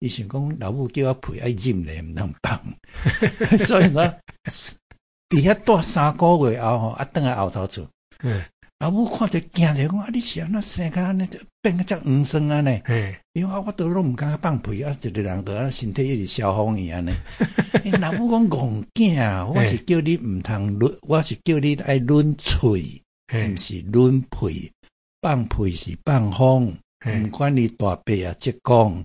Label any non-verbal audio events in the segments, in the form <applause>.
伊想講老母叫我屁，愛忍你毋通放， <laughs> 所以講，佇遐住三個月後，啊轉來後頭厝，嗯、老母看着驚住講，阿你安那生家呢變甲只黃酸啊呢？因為啊，嗯、我倒落毋敢放屁，啊，一個人日啊，身體一直消風去尼。呢、嗯。老母講戇囝我是叫你毋通，論，我是叫你愛論喙，毋是論屁、嗯，放屁是放風，唔、嗯、管你大伯啊叔公。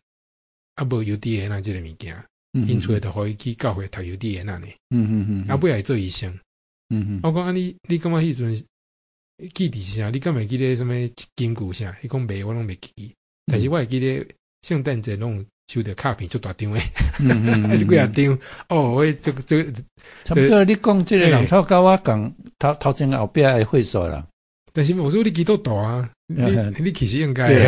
啊，無郵遞嘢，那即個物件因厝誒著可以去教會，讀郵遞誒嗯嗯嗯，啊，伯係做醫生，我講你，你感覺迄陣記啲啥？你敢會記得什物金句啥？伊講未，我攏未記。但是我會記得聖誕節攏，收到卡片就大張。幾啊張哦，我這個個，差不多你講即個南草溝，我講頭頭前後壁會所啦。但是我說你基督徒啊？你其實應該。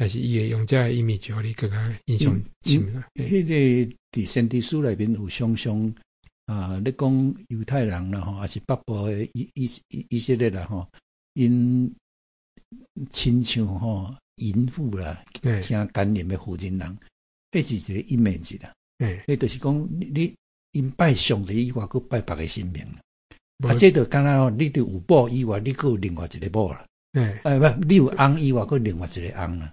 但是伊誒用只 image 覺更印象深啦。喺啲啲神啲書裡面有上上啊，你講猶太人啦，吼抑是北部伊伊伊伊色列啦，吼因親像吼淫婦啦，聽奸淫誒婦人，呢就係個 image 啦。誒，你就是講你因拜上帝以外，閣拜別個神明有啊，即、這、著、個、就講啦，你對有母以外，你有另外一個母啦。誒對，誒、哎，唔，你有翁以外，閣另外一個翁啦。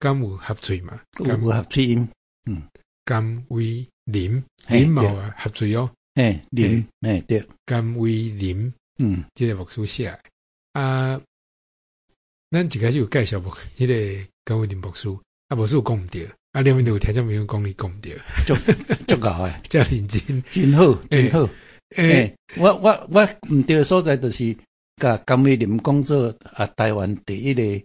甘有合喙嘛？甘有合喙，嗯，甘為霖，霖毛啊合喙哦，誒，霖，誒，對，甘為霖，嗯，即個牧師寫，啊，咱，一開始有介紹無，即個甘為霖牧師，阿牧師講毋著，阿你咪度聽就唔用講，你講毋著，足夠啊，真係認真，真好，真好，誒，我我我毋著所在就是，甲甘為霖工作啊，台灣第一嘅。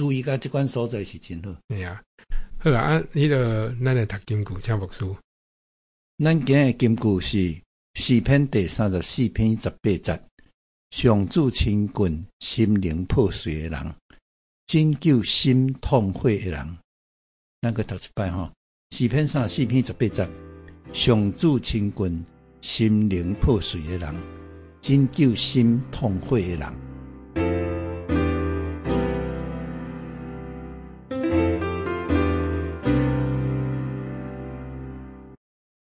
注意噶，這款所在是真好。哎呀、嗯，好啊，啊，呢、那個咱來讀經句，請默書。咱今嘅金句是詩篇第三十四篇十八節，上主親近心靈破碎嘅人，拯救心痛悔嘅人。咱擱讀一擺吼，詩篇三四篇十八節，上主親近心靈破碎嘅人，拯救心痛悔嘅人。